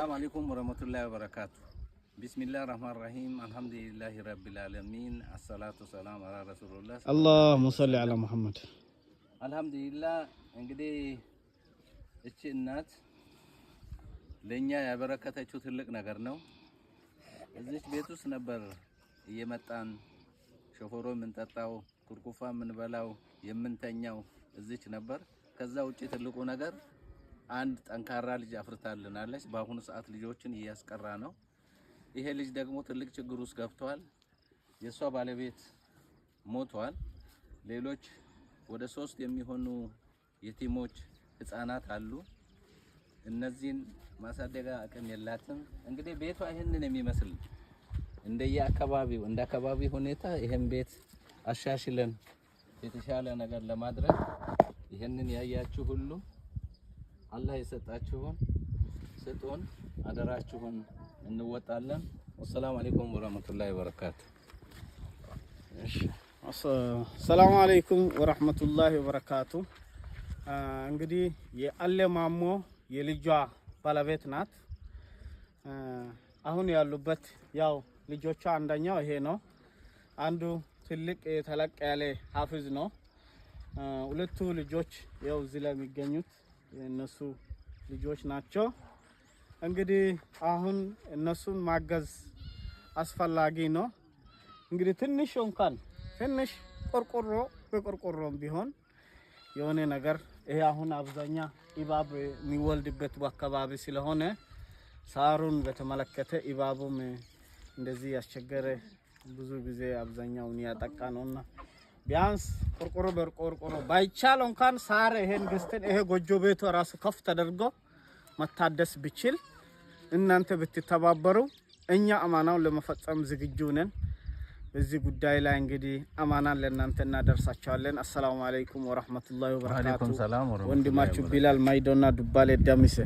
ሰላም አለይኩም ወረህመቱላሂ ወበረካቱ ቢስሚላህ ረህማን ረሂም አልሐምዱሊላሂ ረቢል ዓለሚን አሰላቱ ሰላም አላ ረሱሉላህ አላሁመ ሰሊ አላ ሙሐመድ። አልሐምዱሊላህ እንግዲህ እቺ እናት ለእኛ ያበረከተችው ትልቅ ነገር ነው። እዚች ቤት ውስጥ ነበር እየመጣን ሾፎሮ የምንጠጣው፣ ኩርኩፋ የምንበላው፣ የምንተኛው እዚች ነበር። ከዛ ውጭ ትልቁ ነገር አንድ ጠንካራ ልጅ አፍርታልናለች። በአሁኑ ሰዓት ልጆችን እያስቀራ ነው። ይሄ ልጅ ደግሞ ትልቅ ችግር ውስጥ ገብቷል። የእሷ ባለቤት ሞቷል። ሌሎች ወደ ሶስት የሚሆኑ የቲሞች ህፃናት አሉ። እነዚህን ማሳደጋ አቅም የላትም። እንግዲህ ቤቷ ይህንን የሚመስል እንደየ አካባቢው እንደ አካባቢ ሁኔታ ይህን ቤት አሻሽለን የተሻለ ነገር ለማድረግ ይህንን ያያችሁ ሁሉ አላህ የሰጣችሁን ስጡን፣ አደራችሁን እንወጣለን። አሰላሙ አለይኩም ወራህመቱላሂ ወበረካቱ። እሺ አሰላሙ አለይኩም ወራህመቱላሂ ወበረካቱ። እንግዲህ የአሌ ማሞ የልጇ ባለቤት ናት። አሁን ያሉበት ያው ልጆቿ አንደኛው ይሄ ነው። አንዱ ትልቅ ተለቅ ያለ ሀፍዝ ነው። ሁለቱ ልጆች ያው እዚህ ላይ የሚገኙት የእነሱ ልጆች ናቸው። እንግዲህ አሁን እነሱን ማገዝ አስፈላጊ ነው። እንግዲህ ትንሽ እንኳን ትንሽ ቆርቆሮ በቆርቆሮም ቢሆን የሆነ ነገር ይሄ አሁን አብዛኛ ኢባብ የሚወልድበት አካባቢ ስለሆነ ሳሩን በተመለከተ ኢባቡም እንደዚህ ያስቸገረ ብዙ ጊዜ አብዛኛውን ያጠቃ ነውና ቢያንስ ቆርቆሮ በቆርቆሮ ባይቻል እንኳን ሳር ይሄን ገዝተን ይሄ ጎጆ ቤቱ ራሱ ከፍ ተደርጎ መታደስ ብችል እናንተ ብትተባበሩ እኛ አማናውን ለመፈጸም ዝግጁ ነን። በዚህ ጉዳይ ላይ እንግዲህ አማናን ለእናንተ እናደርሳቸዋለን። አሰላሙ አለይኩም ወራህመቱላሂ ወበረካቱ። ወንድማችሁ ቢላል ማይዶና ዱባሌ ደሚሴ